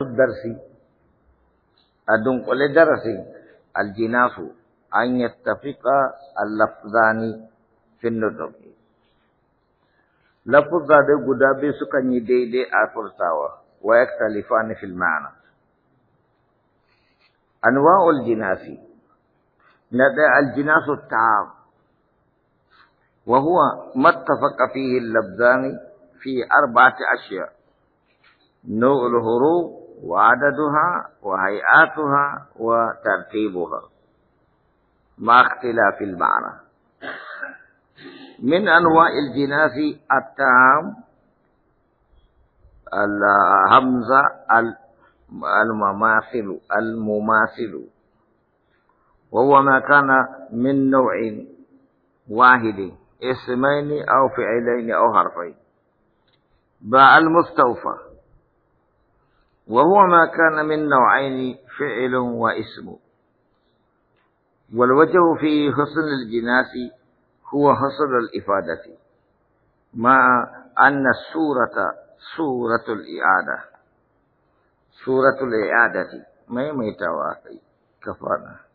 الدرس قل درس الجناس أن يتفق اللفظان في النطق لفظ هذا قد دي يديد أفرتاوى ويختلفان في المعنى أنواع الجناس ندع الجناس التعام وهو ما اتفق فيه اللفظان في أربعة أشياء نوع الهروب وعددها وهيئاتها وترتيبها مع اختلاف المعنى من أنواع الجناس التام الهمزة المماثل المماثل وهو ما كان من نوع واحد اسمين أو فعلين أو حرفين باء المستوفى وهو ما كان من نوعين فعل واسم والوجه في حسن الجناس هو حسن الإفادة مع أن السورة سورة الإعادة سورة الإعادة ما يميتوا كفانا